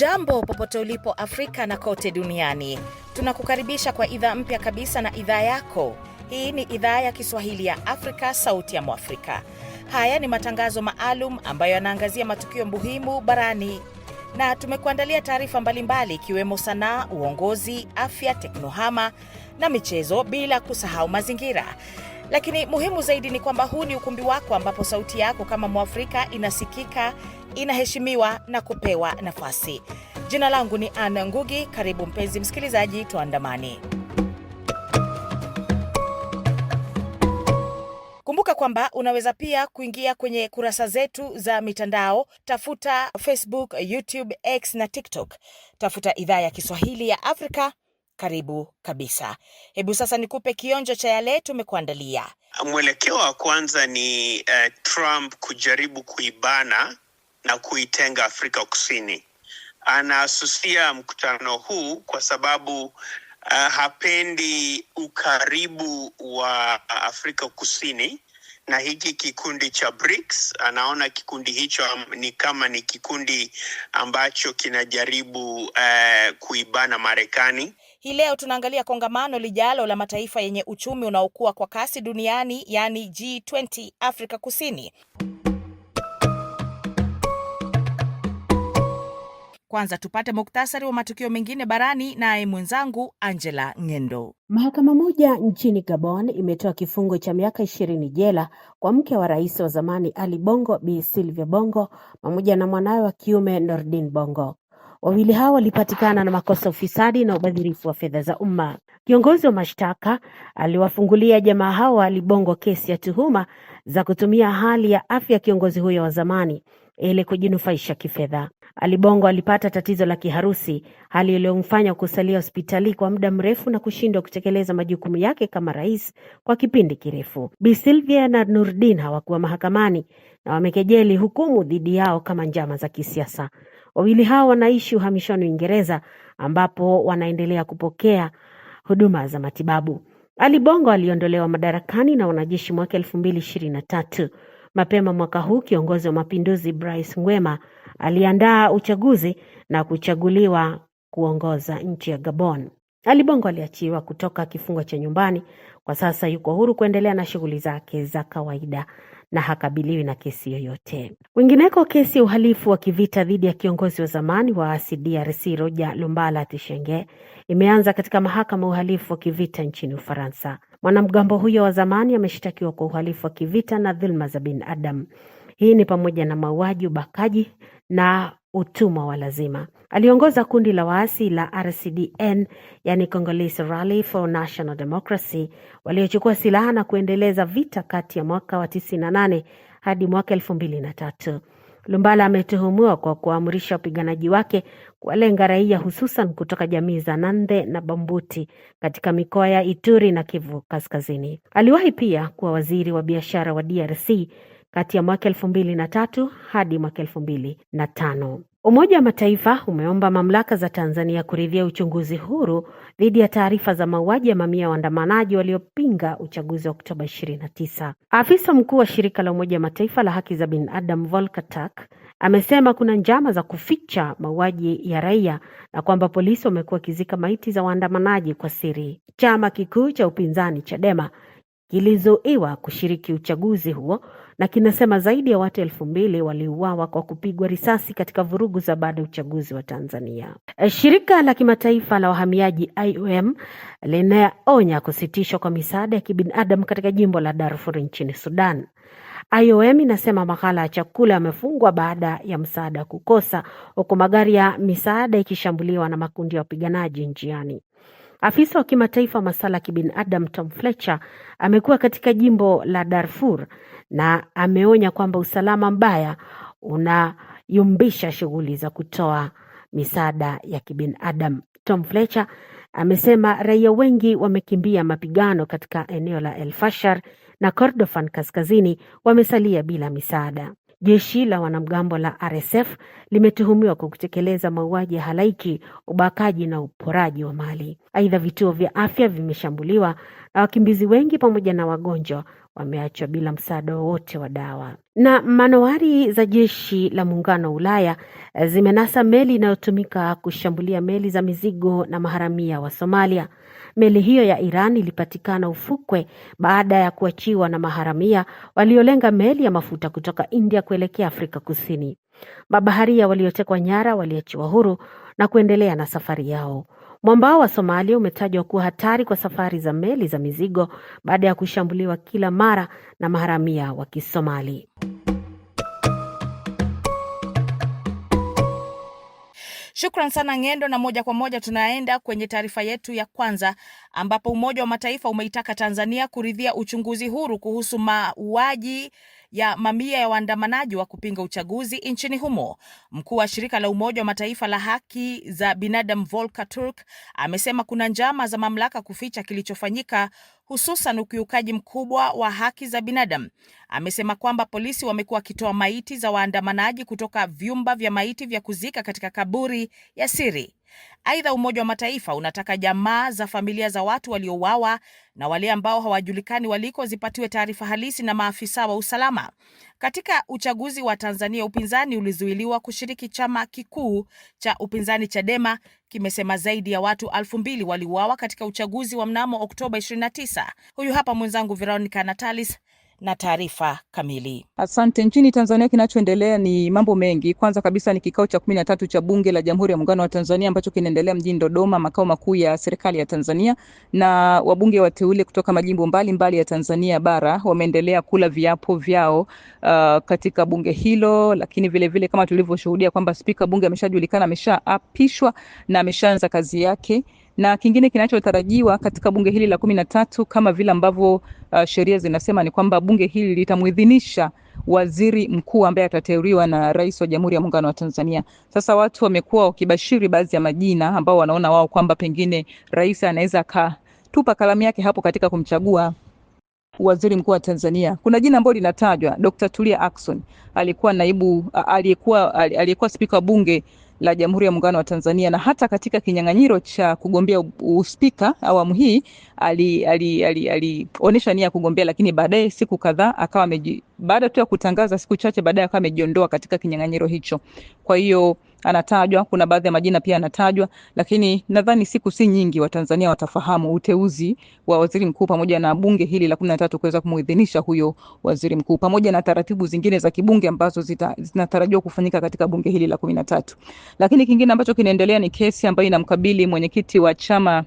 Hujambo popote ulipo Afrika na kote duniani, tunakukaribisha kwa idhaa mpya kabisa na idhaa yako. Hii ni idhaa ya Kiswahili ya Afrika, sauti ya Mwafrika. Haya ni matangazo maalum ambayo yanaangazia matukio muhimu barani, na tumekuandalia taarifa mbalimbali ikiwemo sanaa, uongozi, afya, teknohama na michezo, bila kusahau mazingira. Lakini muhimu zaidi ni kwamba huu ni ukumbi wako ambapo sauti yako kama Mwafrika inasikika inaheshimiwa na kupewa nafasi. Jina langu ni Ana Ngugi. Karibu mpenzi msikilizaji, tuandamani. Kumbuka kwamba unaweza pia kuingia kwenye kurasa zetu za mitandao. Tafuta Facebook, YouTube, X na TikTok, tafuta idhaa ya Kiswahili ya Afrika. Karibu kabisa. Hebu sasa nikupe kionjo cha yale tumekuandalia. Mwelekeo wa kwanza ni uh, Trump kujaribu kuibana na kuitenga Afrika Kusini. Anasusia mkutano huu kwa sababu uh, hapendi ukaribu wa Afrika Kusini na hiki kikundi cha BRICS. Anaona kikundi hicho ni kama ni kikundi ambacho kinajaribu uh, kuibana Marekani. Hii leo tunaangalia kongamano lijalo la mataifa yenye uchumi unaokuwa kwa kasi duniani, yaani G20, Afrika Kusini. Kwanza tupate muktasari wa matukio mengine barani, naye mwenzangu Angela Ng'endo. Mahakama moja nchini Gabon imetoa kifungo cha miaka ishirini jela kwa mke wa rais wa zamani Ali Bongo, Bi Silvia Bongo pamoja na mwanawe wa kiume Nordin Bongo. Wawili hao walipatikana na makosa ya ufisadi na ubadhirifu wa fedha za umma. Kiongozi wa mashtaka aliwafungulia jamaa hao wa Ali Bongo kesi ya tuhuma za kutumia hali ya afya ya kiongozi huyo wa zamani ili kujinufaisha kifedha alibongo alipata tatizo la kiharusi, hali iliyomfanya kusalia hospitali kwa muda mrefu na kushindwa kutekeleza majukumu yake kama rais kwa kipindi kirefu. Bi na Nurdin hawakuwa mahakamani na wamekejeli hukumu dhidi yao kama njama za kisiasa. Wawili hao wanaishi uhamishoni Uingereza, ambapo wanaendelea kupokea huduma za matibabu. Ali Bongo aliondolewa madarakani na wanajeshi mwaka elfu mbili ishirini na tatu. Mapema mwaka huu kiongozi wa mapinduzi Brice Ngwema aliandaa uchaguzi na kuchaguliwa kuongoza nchi ya Gabon. Ali Bongo aliachiwa kutoka kifungo cha nyumbani, kwa sasa yuko huru kuendelea na shughuli zake za kawaida na hakabiliwi na kesi yoyote. Kwingineko, kesi ya uhalifu wa kivita dhidi ya kiongozi wa zamani wa asi DRC Roger Lumbala Tishenge imeanza katika mahakama ya uhalifu wa kivita nchini Ufaransa. Mwanamgambo huyo wa zamani ameshtakiwa kwa uhalifu wa kivita na dhuluma za binadamu. Hii ni pamoja na mauaji, ubakaji na utumwa wa lazima. Aliongoza kundi la waasi la RCDN, yani Congolese Rally for National Democracy, waliochukua silaha na kuendeleza vita kati ya mwaka wa 98 hadi mwaka elfu mbili na tatu. Lumbala ametuhumiwa kwa kuamrisha wapiganaji wake kuwalenga raia hususan kutoka jamii za Nande na Bambuti katika mikoa ya Ituri na Kivu Kaskazini. Aliwahi pia kuwa waziri wa biashara wa DRC kati ya mwaka elfu mbili na tatu hadi mwaka elfu mbili na tano. Umoja wa Mataifa umeomba mamlaka za Tanzania kuridhia uchunguzi huru dhidi ya taarifa za mauaji ya mamia ya waandamanaji waliopinga uchaguzi wa Oktoba ishirini na tisa. Afisa mkuu wa shirika la Umoja wa Mataifa la haki za binadamu, Volker Turk amesema kuna njama za kuficha mauaji ya raia na kwamba polisi wamekuwa wakizika maiti za waandamanaji kwa siri. Chama kikuu cha upinzani Chadema kilizuiwa kushiriki uchaguzi huo na kinasema zaidi ya watu elfu mbili waliuawa kwa kupigwa risasi katika vurugu za baada ya uchaguzi wa Tanzania. E, shirika la kimataifa la wahamiaji IOM linaonya kusitishwa kwa misaada ya kibinadamu katika jimbo la Darfur nchini Sudan. IOM inasema maghala ya chakula yamefungwa baada ya msaada kukosa, huku magari ya misaada ikishambuliwa na makundi ya wapiganaji njiani. Afisa wa kimataifa wa masuala ya kibinadamu Tom Fletcher amekuwa katika jimbo la Darfur na ameonya kwamba usalama mbaya unayumbisha shughuli za kutoa misaada ya kibinadamu. Tom Fletcher amesema raia wengi wamekimbia mapigano katika eneo la El Fasher na Kordofan kaskazini wamesalia bila misaada. Jeshi la wanamgambo la RSF limetuhumiwa kwa kutekeleza mauaji ya halaiki, ubakaji na uporaji wa mali. Aidha, vituo vya afya vimeshambuliwa na wakimbizi wengi pamoja na wagonjwa wameachwa bila msaada wowote wa dawa. Na manowari za jeshi la muungano wa Ulaya zimenasa meli inayotumika kushambulia meli za mizigo na maharamia wa Somalia. Meli hiyo ya Iran ilipatikana ufukwe baada ya kuachiwa na maharamia waliolenga meli ya mafuta kutoka India kuelekea Afrika Kusini. Mabaharia waliotekwa nyara waliachiwa huru na kuendelea na safari yao. Mwambao wa Somalia umetajwa kuwa hatari kwa safari za meli za mizigo baada ya kushambuliwa kila mara na maharamia wa Kisomali. Shukran sana Ngendo, na moja kwa moja tunaenda kwenye taarifa yetu ya kwanza ambapo Umoja wa Mataifa umeitaka Tanzania kuridhia uchunguzi huru kuhusu mauaji ya mamia ya waandamanaji wa kupinga uchaguzi nchini humo. Mkuu wa shirika la Umoja wa Mataifa la haki za binadamu Volker Turk amesema kuna njama za mamlaka kuficha kilichofanyika hususan ukiukaji mkubwa wa haki za binadamu. Amesema kwamba polisi wamekuwa wakitoa maiti za waandamanaji kutoka vyumba vya maiti vya kuzika katika kaburi ya siri. Aidha, Umoja wa Mataifa unataka jamaa za familia za watu waliouawa na wale ambao hawajulikani waliko zipatiwe taarifa halisi na maafisa wa usalama. Katika uchaguzi wa Tanzania, upinzani ulizuiliwa kushiriki. Chama kikuu cha upinzani Chadema kimesema zaidi ya watu elfu mbili waliuawa katika uchaguzi wa mnamo Oktoba 29. Huyu hapa mwenzangu Veronica Natalis na taarifa kamili. Asante. Nchini Tanzania kinachoendelea ni mambo mengi. Kwanza kabisa ni kikao cha kumi na tatu cha bunge la Jamhuri ya Muungano wa Tanzania ambacho kinaendelea mjini Dodoma, makao makuu ya serikali ya Tanzania, na wabunge wateule kutoka majimbo mbalimbali mbali ya Tanzania bara wameendelea kula viapo vyao uh, katika bunge hilo, lakini vilevile vile kama tulivyoshuhudia kwamba spika bunge ameshajulikana, ameshaapishwa na ameshaanza kazi yake na kingine kinachotarajiwa katika bunge hili la kumi na tatu kama vile ambavyo uh, sheria zinasema ni kwamba bunge hili litamwidhinisha waziri mkuu ambaye atateuliwa na rais wa Jamhuri ya Muungano wa Tanzania. Sasa watu wamekuwa wakibashiri baadhi ya majina ambao wanaona wao kwamba pengine rais anaweza akatupa kalamu yake hapo katika kumchagua waziri mkuu wa Tanzania. Kuna jina ambalo linatajwa Dr. Tulia Ackson, alikuwa naibu uh, aliyekuwa uh, aliyekuwa spika wa bunge la Jamhuri ya Muungano wa Tanzania, na hata katika kinyang'anyiro cha kugombea uspika awamu hii alionyesha ali, ali, ali, nia ya kugombea, lakini baadaye siku kadhaa akawa baada tu ya kutangaza siku chache baadaye akawa amejiondoa katika kinyang'anyiro hicho. Kwa hiyo anatajwa, kuna baadhi ya majina pia anatajwa, lakini nadhani siku si nyingi Watanzania watafahamu uteuzi wa waziri mkuu pamoja na bunge hili la 13 kuweza kumuidhinisha huyo waziri mkuu pamoja na taratibu zingine za kibunge ambazo zinatarajiwa kufanyika katika bunge hili la 13. Lakini kingine ambacho kinaendelea ni kesi ambayo inamkabili mwenyekiti wa chama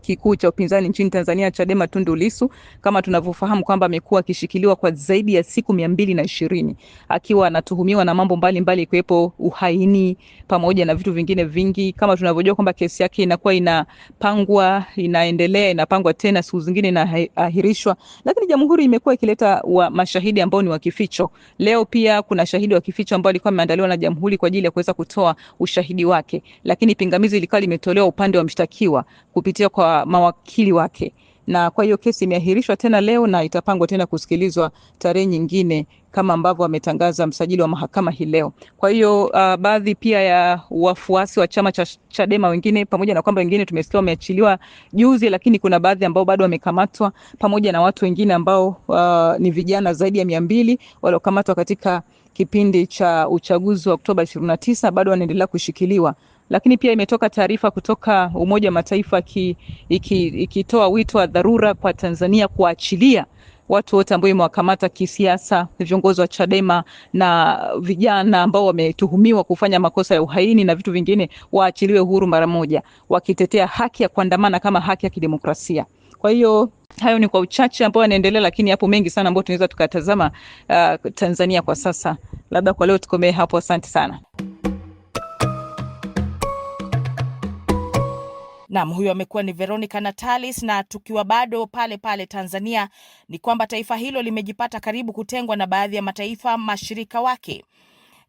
kikuu cha upinzani nchini Tanzania Chadema Tundu Lissu, kama tunavyofahamu kwamba amekuwa akishikiliwa kwa zaidi ya siku mia mbili na ishirini akiwa anatuhumiwa na mambo mbalimbali ikiwepo mbali uhaini pamoja na vitu vingine vingi. Kama tunavyojua kwamba kesi yake inakuwa inapangwa, inaendelea, inapangwa tena, siku zingine inaahirishwa, lakini jamhuri imekuwa ikileta wa mashahidi ambao ni wa kificho. Leo pia kuna shahidi wa kificho ambao alikuwa ameandaliwa na jamhuri kwa ajili ya kuweza kutoa ushahidi wake, lakini pingamizi likawa limetolewa upande wa mshtakiwa kupitia kwa mawakili wake, na kwa hiyo kesi imeahirishwa tena leo na itapangwa tena kusikilizwa tarehe nyingine kama ambavyo ametangaza msajili wa mahakama hii leo. Kwa hiyo uh, baadhi pia ya wafuasi wa chama cha Chadema wengine, pamoja na kwamba wengine tumesikia wameachiliwa juzi, lakini kuna baadhi ambao bado wamekamatwa, pamoja na watu wengine ambao uh, ni vijana zaidi ya mia mbili waliokamatwa katika kipindi cha uchaguzi wa Oktoba 29 bado wanaendelea kushikiliwa. Lakini pia imetoka taarifa kutoka Umoja wa Mataifa ikitoa iki, wito wa dharura kwa Tanzania kuachilia watu wote ambao imewakamata kisiasa, viongozi wa Chadema na vijana ambao wametuhumiwa kufanya makosa ya uhaini na vitu vingine, waachiliwe huru mara moja, wakitetea haki ya kuandamana kama haki ya kidemokrasia. Kwa hiyo hayo ni kwa uchache ambayo yanaendelea, lakini yapo mengi sana ambayo tunaweza tukatazama uh, Tanzania kwa sasa. Labda kwa leo tukomee hapo. Asante sana. Nam huyo amekuwa ni Veronica Natalis. Na tukiwa bado pale pale Tanzania, ni kwamba taifa hilo limejipata karibu kutengwa na baadhi ya mataifa mashirika wake.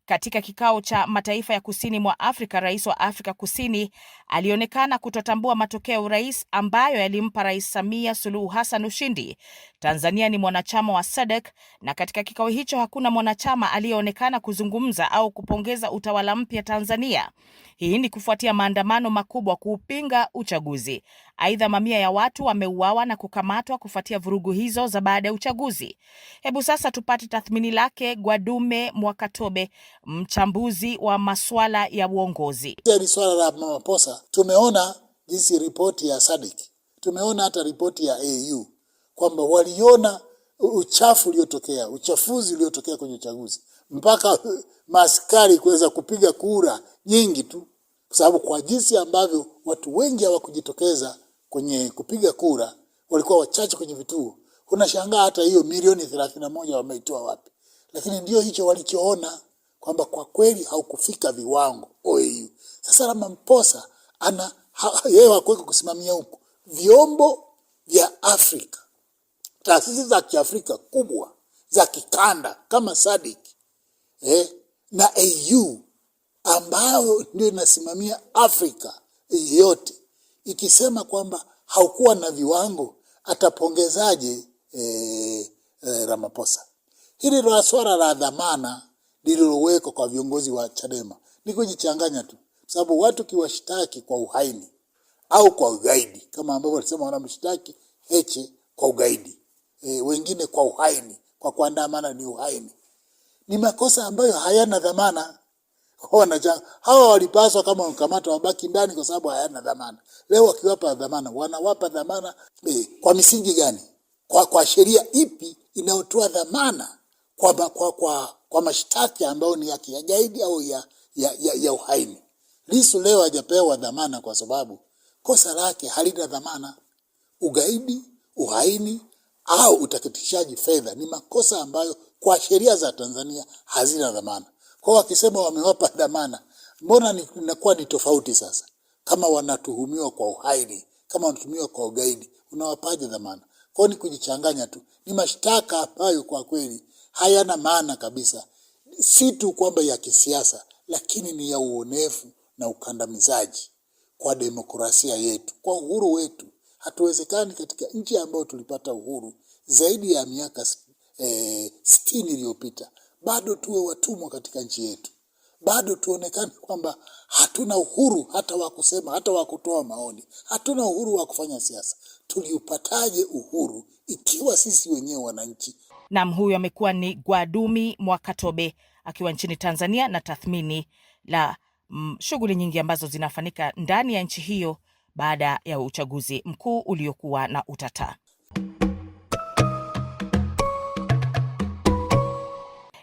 Katika kikao cha mataifa ya kusini mwa Afrika, rais wa Afrika Kusini alionekana kutotambua matokeo ya urais ambayo yalimpa Rais Samia Suluhu Hassan ushindi. Tanzania ni mwanachama wa SADC na katika kikao hicho hakuna mwanachama aliyeonekana kuzungumza au kupongeza utawala mpya Tanzania. Hii ni kufuatia maandamano makubwa kuupinga uchaguzi. Aidha, mamia ya watu wameuawa na kukamatwa kufuatia vurugu hizo za baada ya uchaguzi. Hebu sasa tupate tathmini lake Gwadume Mwakatobe, mchambuzi wa masuala ya uongozi. Ni swala la Mama tumeona jinsi ripoti ya SADC, tumeona hata ripoti ya AU kwamba waliona uchafu uliotokea, uchafuzi uliotokea kwenye uchaguzi, mpaka maaskari kuweza kupiga kura nyingi tu, kwa sababu kwa jinsi ambavyo watu wengi hawakujitokeza kwenye kupiga kura, walikuwa wachache kwenye vituo. Unashangaa hata hiyo milioni thelathini na moja wameitoa wapi? Lakini ndio hicho walichoona kwamba kwa kweli haukufika viwango OAU. Sasa Ramaphosa ana yeye hakuweza kusimamia huko. Vyombo vya Afrika, taasisi za kiafrika kubwa za kikanda kama SADC eh, na AU ambayo ndio inasimamia Afrika yote, ikisema kwamba haukuwa na viwango, atapongezaje eh, eh, Ramaphosa? Hili la swala la dhamana lililowekwa kwa viongozi wa Chadema ni kujichanganya tu sababu watu kiwashtaki kwa uhaini au kwa ugaidi kama ambavyo walisema wanamshtaki Heche kwa ugaidi e, wengine kwa uhaini, kwa kuandamana ni uhaini. Ni makosa ambayo hayana dhamana Wanacha hawa walipaswa kama wamekamata wabaki ndani kwa sababu hayana dhamana. Leo wakiwapa dhamana, wanawapa dhamana e, kwa misingi gani? Kwa, kwa sheria ipi inayotoa dhamana kwa, kwa, kwa, kwa mashtaki ambayo ni ya kigaidi au ya, ya, ya, ya uhaini? Lisu leo hajapewa dhamana kwa sababu kosa lake halina dhamana. Ugaidi, uhaini au utakatishaji fedha ni makosa ambayo kwa sheria za Tanzania hazina dhamana. Kwa wakisema wamewapa dhamana, mbona inakuwa ni tofauti sasa? Kama wanatuhumiwa kwa uhaini, kama wanatuhumiwa kwa ugaidi, unawapaje dhamana? Kwao ni kujichanganya tu, ni mashtaka ambayo kwa kweli hayana maana kabisa, si tu kwamba ya kisiasa, lakini ni ya uonevu na ukandamizaji kwa demokrasia yetu, kwa uhuru wetu. Hatuwezekani katika nchi ambayo tulipata uhuru zaidi ya miaka e, sitini iliyopita bado tuwe watumwa katika nchi yetu, bado tuonekane kwamba hatuna uhuru hata wa kusema, hata wa kutoa maoni, hatuna uhuru wa kufanya siasa. Tuliupataje uhuru ikiwa sisi wenyewe wananchi? Nam, huyu amekuwa ni Gwadumi Mwakatobe akiwa nchini Tanzania na tathmini la shughuli nyingi ambazo zinafanyika ndani ya nchi hiyo baada ya uchaguzi mkuu uliokuwa na utata.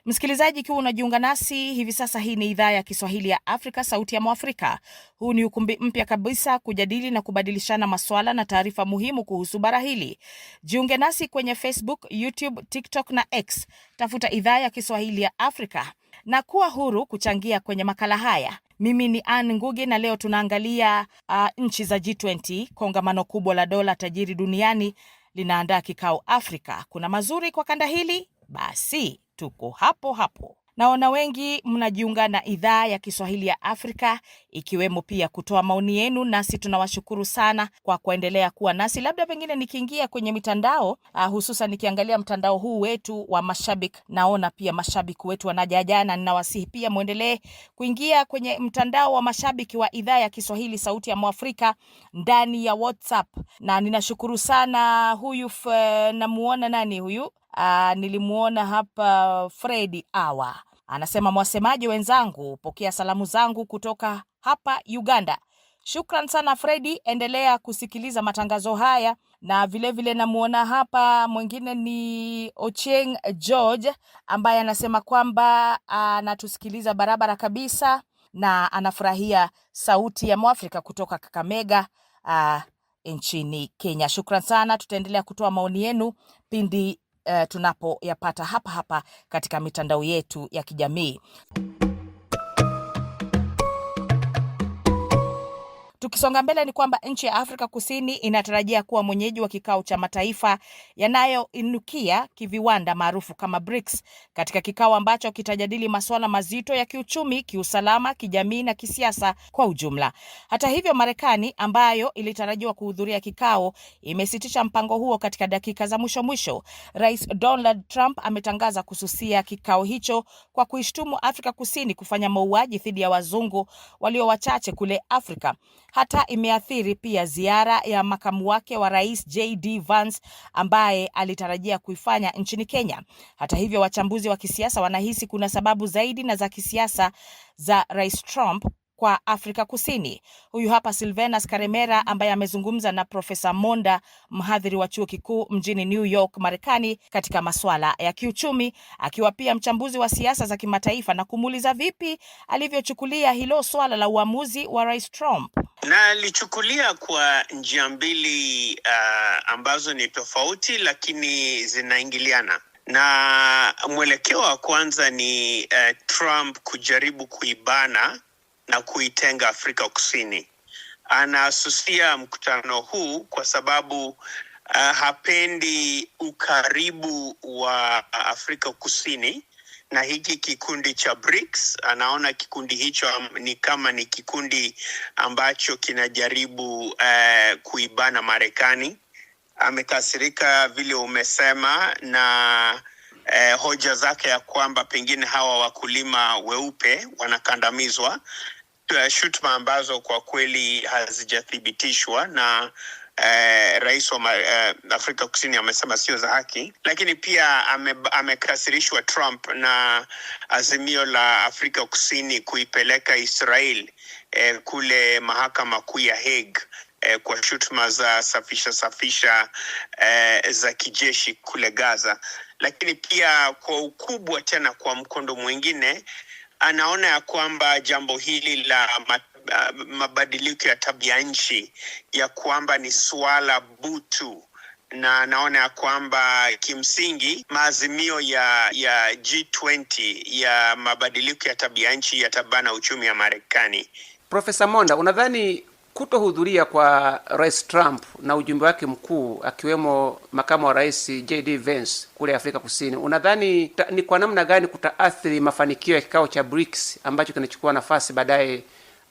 Msikilizaji, ikiwa unajiunga nasi hivi sasa, hii ni idhaa ya Kiswahili ya Afrika, sauti ya Mwafrika. Huu ni ukumbi mpya kabisa kujadili na kubadilishana maswala na taarifa muhimu kuhusu bara hili. Jiunge nasi kwenye Facebook, YouTube, TikTok na X, tafuta idhaa ya Kiswahili ya Afrika na kuwa huru kuchangia kwenye makala haya. Mimi ni Ann Ngugi na leo tunaangalia uh, nchi za G20. Kongamano kubwa la dola tajiri duniani linaandaa kikao Afrika. Kuna mazuri kwa kanda hili? Basi tuko hapo hapo. Naona wengi mnajiunga na idhaa ya Kiswahili ya Afrika, ikiwemo pia kutoa maoni yenu, nasi tunawashukuru sana kwa kuendelea kuwa nasi. Labda pengine nikiingia kwenye mitandao uh, hususan nikiangalia mtandao huu wetu wa mashabiki, naona pia mashabiki wetu wanajajana. Ninawasihi pia mwendelee kuingia kwenye mtandao wa mashabiki wa idhaa ya Kiswahili Sauti ya Mwafrika ndani ya WhatsApp, na ninashukuru sana huyu namuona nani huyu Uh, ah, nilimwona hapa Fredi Awa Anasema mwasemaji wenzangu, pokea salamu zangu kutoka hapa Uganda. Shukran sana Fredi, endelea kusikiliza matangazo haya na vilevile namuona hapa mwingine ni Ocheng George ambaye anasema kwamba anatusikiliza barabara kabisa na anafurahia sauti ya Mwafrika kutoka Kakamega a, ah, nchini Kenya. Shukran sana, tutaendelea kutoa maoni yenu pindi uh, tunapoyapata hapa hapa katika mitandao yetu ya kijamii. Tukisonga mbele ni kwamba nchi ya Afrika Kusini inatarajia kuwa mwenyeji wa kikao cha mataifa yanayoinukia kiviwanda maarufu kama BRICS, katika kikao ambacho kitajadili masuala mazito ya kiuchumi, kiusalama, kijamii na kisiasa kwa ujumla. Hata hivyo, Marekani ambayo ilitarajiwa kuhudhuria kikao imesitisha mpango huo katika dakika za mwisho mwisho. Rais Donald Trump ametangaza kususia kikao hicho kwa kuishtumu Afrika Kusini kufanya mauaji dhidi ya wazungu walio wachache kule Afrika hata imeathiri pia ziara ya makamu wake wa rais JD Vance ambaye alitarajia kuifanya nchini Kenya. Hata hivyo, wachambuzi wa kisiasa wanahisi kuna sababu zaidi na za kisiasa za Rais Trump kwa Afrika Kusini. Huyu hapa silvenus Karemera ambaye amezungumza na Profesa Monda, mhadhiri wa chuo kikuu mjini New York, Marekani, katika masuala ya kiuchumi, akiwa pia mchambuzi wa siasa za kimataifa na kumuuliza vipi alivyochukulia hilo swala la uamuzi wa Rais Trump. Na alichukulia kwa njia mbili uh, ambazo ni tofauti lakini zinaingiliana na mwelekeo wa kwanza ni uh, Trump kujaribu kuibana na kuitenga Afrika Kusini. Anasusia mkutano huu kwa sababu uh, hapendi ukaribu wa Afrika Kusini na hiki kikundi cha BRICS. Anaona kikundi hicho ni kama ni kikundi ambacho kinajaribu uh, kuibana Marekani. Amekasirika vile umesema na eh, hoja zake ya kwamba pengine hawa wakulima weupe wanakandamizwa uh, shutuma ambazo kwa kweli hazijathibitishwa na uh, rais wa uh, Afrika Kusini amesema sio za haki, lakini pia amekasirishwa ame, Trump na azimio la Afrika Kusini kuipeleka Israel uh, kule mahakama kuu ya heg kwa shutuma za safisha safisha eh, za kijeshi kule Gaza, lakini pia kwa ukubwa tena, kwa mkondo mwingine anaona ya kwamba jambo hili la uh, mabadiliko ya tabia nchi ya kwamba ni suala butu na naona ya kwamba kimsingi maazimio ya ya G20 ya mabadiliko ya tabia nchi yatabana uchumi wa Marekani. Profesa Monda, unadhani kutohudhuria kwa Rais Trump na ujumbe wake mkuu akiwemo makamu wa rais JD Vance kule Afrika Kusini, unadhani ta, ni kwa namna gani kutaathiri mafanikio ya kikao cha BRICS ambacho kinachukua nafasi baadaye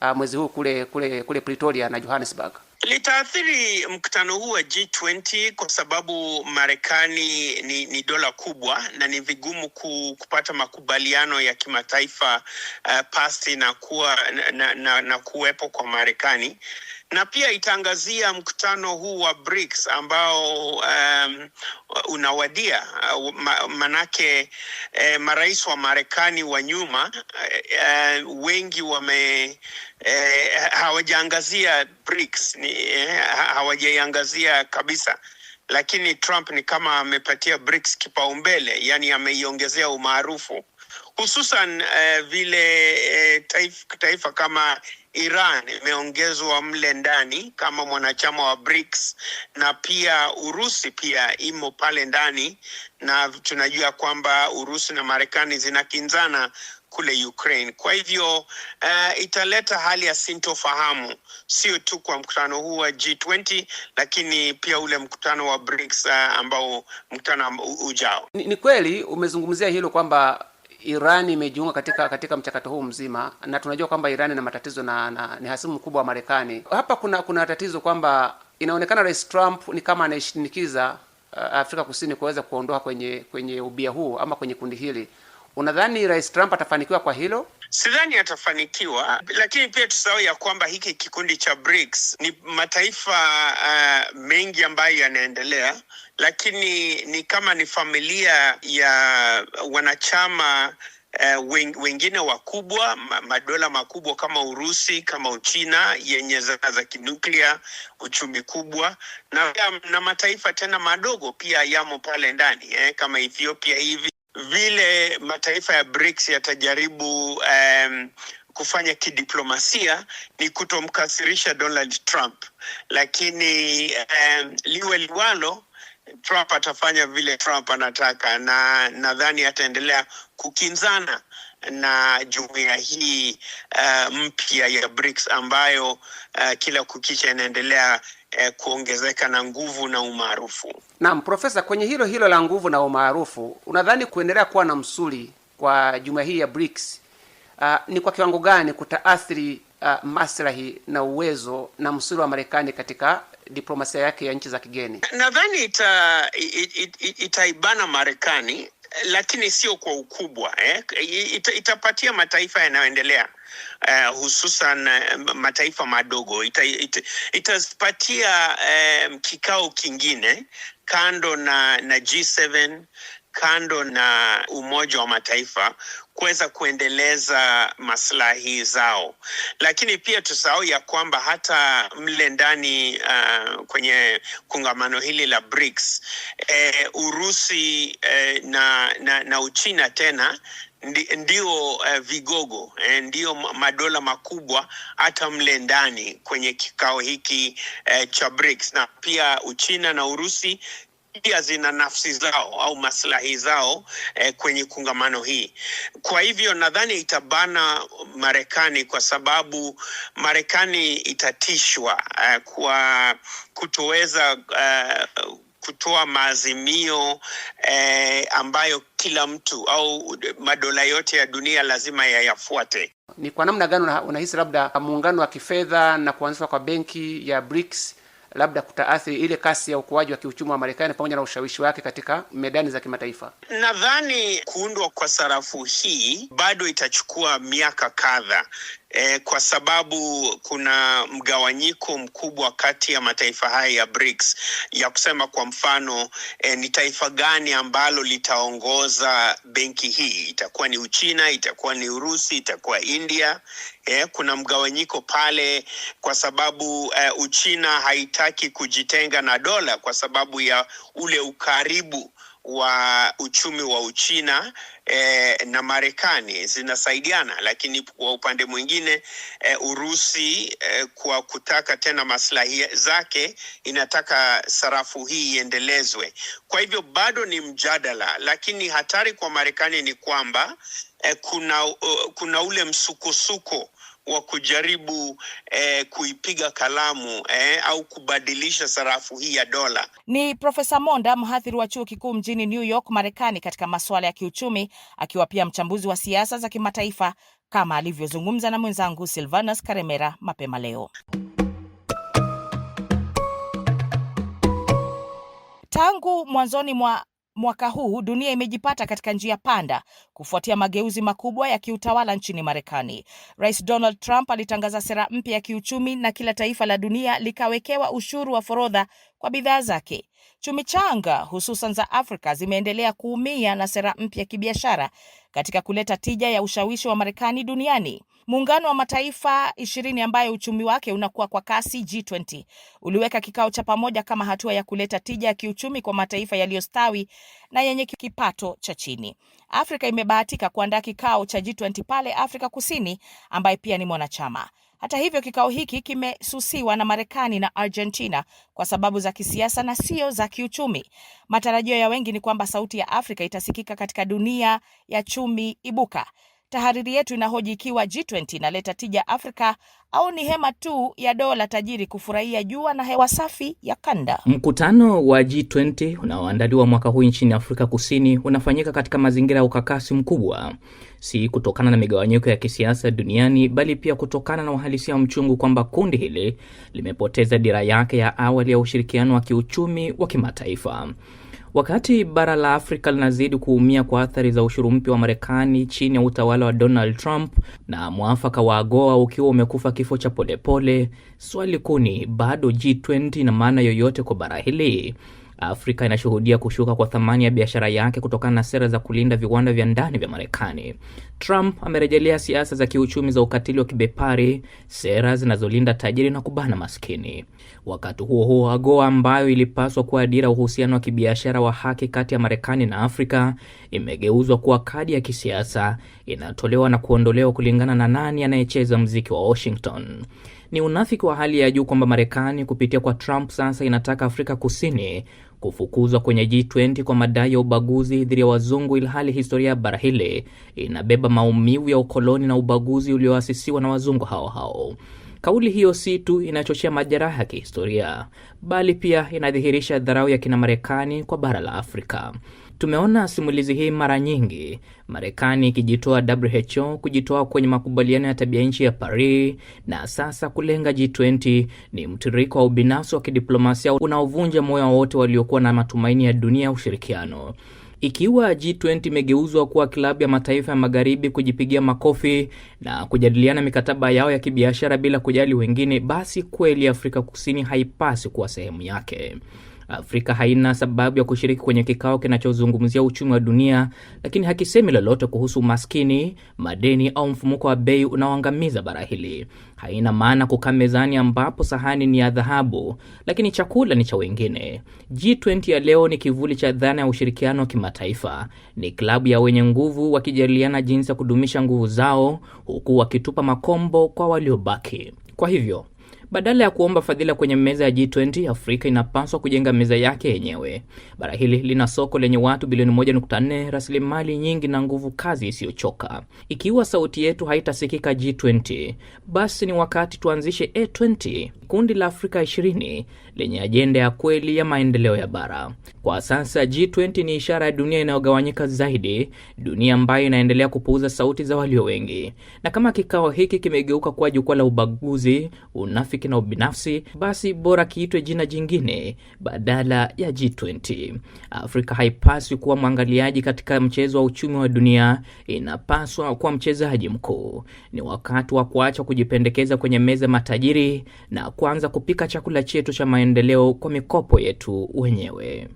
uh, mwezi huu kule kule kule Pretoria na Johannesburg. Litaathiri mkutano huu wa G20 kwa sababu Marekani ni, ni dola kubwa na ni vigumu ku, kupata makubaliano ya kimataifa uh, pasi na kuwa na, na, na, na kuwepo kwa Marekani na pia itaangazia mkutano huu wa BRICS ambao um, unawadia uh, manake eh, marais wa Marekani wa nyuma eh, eh wengi wame eh, hawajaangazia BRICS ni, eh, hawajaiangazia kabisa lakini Trump ni kama amepatia BRICS kipaumbele, yani ameiongezea umaarufu hususan eh, vile eh, taifa, taifa kama Iran imeongezwa mle ndani kama mwanachama wa BRICS na pia Urusi pia imo pale ndani, na tunajua kwamba Urusi na Marekani zinakinzana kule Ukraine. Kwa hivyo uh, italeta hali ya sintofahamu sio tu kwa mkutano huu wa G20 lakini pia ule mkutano wa BRICS uh, ambao mkutano ujao. Ni, ni kweli umezungumzia hilo kwamba Iran imejiunga katika katika mchakato huu mzima, na tunajua kwamba Iran ina matatizo na, na ni hasimu mkubwa wa Marekani. Hapa kuna kuna tatizo kwamba inaonekana Rais Trump ni kama anaishinikiza uh, Afrika Kusini kuweza kuondoka kwenye kwenye ubia huu ama kwenye kundi hili. Unadhani Rais Trump atafanikiwa kwa hilo? Sidhani atafanikiwa, lakini pia tusahau ya kwamba hiki kikundi cha BRICS ni mataifa uh, mengi ambayo yanaendelea, lakini ni kama ni familia ya wanachama Uh, wengine wakubwa madola makubwa kama Urusi kama Uchina yenye zana za kinuklia, uchumi kubwa na, na mataifa tena madogo pia yamo pale ndani eh, kama Ethiopia hivi vile mataifa ya BRICS yatajaribu um, kufanya kidiplomasia ni kutomkasirisha Donald Trump, lakini um, liwe liwalo, Trump atafanya vile Trump anataka, na nadhani ataendelea kukinzana na jumuiya hii uh, mpya ya BRICS ambayo uh, kila kukicha inaendelea eh, kuongezeka na nguvu na umaarufu. Naam, Profesa, kwenye hilo hilo la nguvu na umaarufu, unadhani kuendelea kuwa na msuli kwa jumuiya hii ya BRICS uh, ni kwa kiwango gani kutaathiri uh, maslahi na uwezo na msuli wa Marekani katika diplomasia yake ya nchi za kigeni? Nadhani itaibana it, ita Marekani lakini sio kwa ukubwa eh. It, itapatia mataifa yanayoendelea uh, hususan uh, mataifa madogo itazipatia ita, ita um, kikao kingine kando na, na G7 kando na Umoja wa Mataifa kuweza kuendeleza maslahi zao, lakini pia tusahau ya kwamba hata mle ndani uh, kwenye kongamano hili la BRICS eh, Urusi eh, na, na, na Uchina tena ndio uh, vigogo eh, ndio madola makubwa hata mle ndani kwenye kikao hiki eh, cha BRICS na pia Uchina na Urusi pia zina nafsi zao au maslahi zao eh, kwenye kungamano hii. Kwa hivyo nadhani itabana Marekani kwa sababu Marekani itatishwa eh, kwa kutoweza eh, kutoa maazimio eh, ambayo kila mtu au madola yote ya dunia lazima yayafuate. Ni kwa namna gani unahisi labda muungano wa kifedha na kuanzishwa kwa benki ya BRICS labda kutaathiri ile kasi ya ukuaji wa kiuchumi wa Marekani pamoja na ushawishi wake katika medani za kimataifa. Nadhani kuundwa kwa sarafu hii bado itachukua miaka kadha e, kwa sababu kuna mgawanyiko mkubwa kati ya mataifa haya ya BRICS, ya kusema kwa mfano e, ni taifa gani ambalo litaongoza benki hii, itakuwa ni Uchina, itakuwa ni Urusi, itakuwa India. E, kuna mgawanyiko pale kwa sababu e, Uchina haitaki kujitenga na dola kwa sababu ya ule ukaribu wa uchumi wa Uchina eh, na Marekani zinasaidiana, lakini kwa upande mwingine eh, Urusi eh, kwa kutaka tena maslahi zake inataka sarafu hii iendelezwe. Kwa hivyo bado ni mjadala, lakini hatari kwa Marekani ni kwamba eh, kuna, uh, kuna ule msukosuko wa kujaribu eh, kuipiga kalamu eh, au kubadilisha sarafu hii ya dola. Ni Profesa Monda, mhadhiri wa chuo kikuu mjini New York, Marekani, katika masuala ya kiuchumi, akiwa pia mchambuzi wa siasa za kimataifa, kama alivyozungumza na mwenzangu Silvanus Karemera mapema leo. Tangu mwanzoni mwa mwaka huu dunia imejipata katika njia panda kufuatia mageuzi makubwa ya kiutawala nchini Marekani. Rais Donald Trump alitangaza sera mpya ya kiuchumi na kila taifa la dunia likawekewa ushuru wa forodha kwa bidhaa zake. Chumi changa hususan za Afrika zimeendelea kuumia na sera mpya ya kibiashara katika kuleta tija ya ushawishi wa Marekani duniani. Muungano wa mataifa ishirini ambayo uchumi wake unakuwa kwa kasi G20 uliweka kikao cha pamoja kama hatua ya kuleta tija ya kiuchumi kwa mataifa yaliyostawi na yenye kipato cha chini. Afrika imebahatika kuandaa kikao cha G20 pale Afrika Kusini ambaye pia ni mwanachama. Hata hivyo, kikao hiki kimesusiwa na Marekani na Argentina kwa sababu za kisiasa na sio za kiuchumi. Matarajio ya wengi ni kwamba sauti ya Afrika itasikika katika dunia ya chumi ibuka. Tahariri yetu inahoji ikiwa G20 inaleta tija Afrika au ni hema tu ya dola tajiri kufurahia jua na hewa safi ya kanda. Mkutano wa G20 unaoandaliwa mwaka huu nchini Afrika Kusini unafanyika katika mazingira ya ukakasi mkubwa, si kutokana na migawanyiko ya kisiasa duniani, bali pia kutokana na uhalisia wa mchungu kwamba kundi hili limepoteza dira yake ya awali ya ushirikiano wa kiuchumi wa kimataifa. Wakati bara la Afrika linazidi kuumia kwa athari za ushuru mpya wa Marekani chini ya utawala wa Donald Trump na mwafaka wa AGOA ukiwa umekufa kifo cha polepole, swali kuu ni bado G20 ina maana yoyote kwa bara hili? Afrika inashuhudia kushuka kwa thamani ya biashara yake kutokana na sera za kulinda viwanda vya ndani vya Marekani. Trump amerejelea siasa za kiuchumi za ukatili wa kibepari, sera zinazolinda tajiri na kubana maskini. Wakati huo huo, AGOA ambayo ilipaswa kuwa dira uhusiano wa kibiashara wa haki kati ya Marekani na Afrika imegeuzwa kuwa kadi ya kisiasa inatolewa na kuondolewa kulingana na nani anayecheza mziki wa Washington. Ni unafiki wa hali ya juu kwamba Marekani kupitia kwa Trump sasa inataka Afrika Kusini kufukuzwa kwenye G20 kwa madai ya ubaguzi dhidi ya wazungu, ilhali historia ya bara hili inabeba maumivu ya ukoloni na ubaguzi ulioasisiwa na wazungu hao hao. Kauli hiyo si tu inachochea majeraha ya kihistoria, bali pia inadhihirisha dharau ya kina Marekani kwa bara la Afrika. Tumeona simulizi hii mara nyingi, Marekani ikijitoa WHO, kujitoa kwenye makubaliano ya tabia nchi ya Paris, na sasa kulenga G20. Ni mtiririko wa ubinafsi wa kidiplomasia unaovunja moyo wote waliokuwa na matumaini ya dunia ya ushirikiano. Ikiwa G20 imegeuzwa kuwa klabu ya mataifa ya magharibi kujipigia makofi na kujadiliana mikataba yao ya kibiashara bila kujali wengine, basi kweli Afrika Kusini haipasi kuwa sehemu yake. Afrika haina sababu ya kushiriki kwenye kikao kinachozungumzia uchumi wa dunia, lakini hakisemi lolote kuhusu umaskini, madeni au mfumuko wa bei unaoangamiza bara hili. Haina maana kukaa mezani ambapo sahani ni ya dhahabu, lakini chakula ni cha wengine. G20 ya leo ni kivuli cha dhana ya ushirikiano wa kimataifa. Ni klabu ya wenye nguvu wakijadiliana jinsi ya kudumisha nguvu zao, huku wakitupa makombo kwa waliobaki. Kwa hivyo badala ya kuomba fadhila kwenye meza ya G20, Afrika inapaswa kujenga meza yake yenyewe. Bara hili lina soko lenye watu bilioni 1.4, rasilimali nyingi na nguvu kazi isiyochoka. Ikiwa sauti yetu haitasikika G20, basi ni wakati tuanzishe A20, e kundi la Afrika 20 lenye ajenda ya kweli ya maendeleo ya bara. Kwa sasa G20 ni ishara ya dunia inayogawanyika zaidi, dunia ambayo inaendelea kupuuza sauti za walio wengi. Na kama kikao hiki kimegeuka kuwa jukwaa la ubaguzi, unafiki na ubinafsi, basi bora kiitwe jina jingine badala ya G20. Afrika haipaswi kuwa mwangaliaji katika mchezo wa uchumi wa dunia, inapaswa kuwa mchezaji mkuu. Ni wakati wa kuacha kujipendekeza kwenye meza matajiri na kuanza kupika chakula chetu cha maendeleo maendeleo kwa mikopo yetu wenyewe.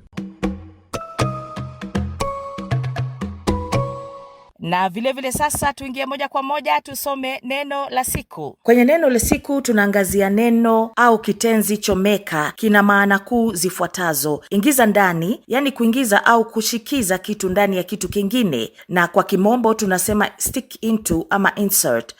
na vilevile vile sasa, tuingie moja kwa moja tusome neno la siku. Kwenye neno la siku tunaangazia neno au kitenzi chomeka, kina maana kuu zifuatazo: ingiza ndani, yani kuingiza au kushikiza kitu ndani ya kitu kingine, na kwa kimombo tunasema stick into ama insert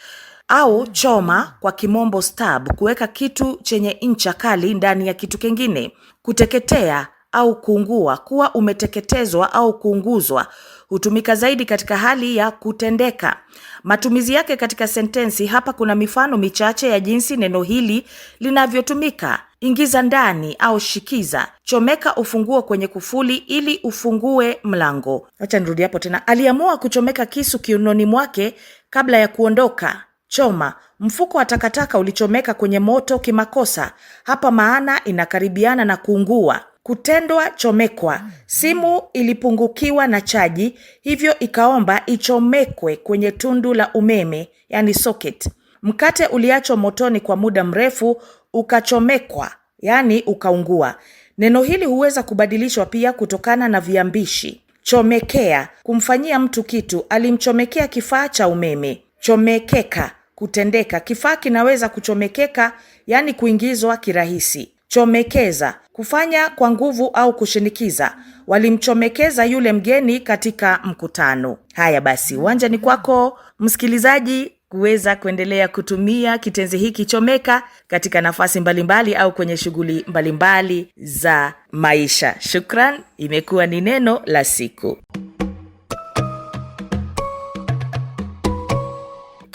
au choma kwa kimombo stab, kuweka kitu chenye ncha kali ndani ya kitu kingine. Kuteketea au kuungua, kuwa umeteketezwa au kuunguzwa hutumika zaidi katika hali ya kutendeka. Matumizi yake katika sentensi. Hapa kuna mifano michache ya jinsi neno hili linavyotumika: ingiza ndani au shikiza, chomeka ufunguo kwenye kufuli ili ufungue mlango. Acha nirudi hapo tena. Aliamua kuchomeka kisu kiunoni mwake kabla ya kuondoka. Choma mfuko wa takataka ulichomeka kwenye moto kimakosa. Hapa maana inakaribiana na kuungua. Kutendwa chomekwa. Simu ilipungukiwa na chaji, hivyo ikaomba ichomekwe kwenye tundu la umeme, yani socket. Mkate uliachwa motoni kwa muda mrefu ukachomekwa, yani ukaungua. Neno hili huweza kubadilishwa pia kutokana na viambishi. Chomekea, kumfanyia mtu kitu. Alimchomekea kifaa cha umeme. Chomekeka kutendeka. Kifaa kinaweza kuchomekeka, yaani kuingizwa kirahisi. Chomekeza, kufanya kwa nguvu au kushinikiza. Walimchomekeza yule mgeni katika mkutano. Haya basi, uwanja ni kwako msikilizaji kuweza kuendelea kutumia kitenzi hiki chomeka katika nafasi mbalimbali mbali au kwenye shughuli mbalimbali za maisha. Shukran, imekuwa ni neno la siku.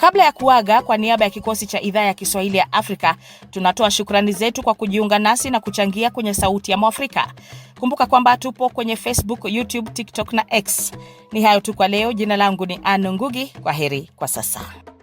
Kabla ya kuaga, kwa niaba ya kikosi cha idhaa ya Kiswahili ya Afrika, tunatoa shukrani zetu kwa kujiunga nasi na kuchangia kwenye Sauti ya Mwafrika. Kumbuka kwamba tupo kwenye Facebook, YouTube, TikTok na X. Ni hayo tu kwa leo. Jina langu ni Anu Ngugi. Kwa heri kwa sasa.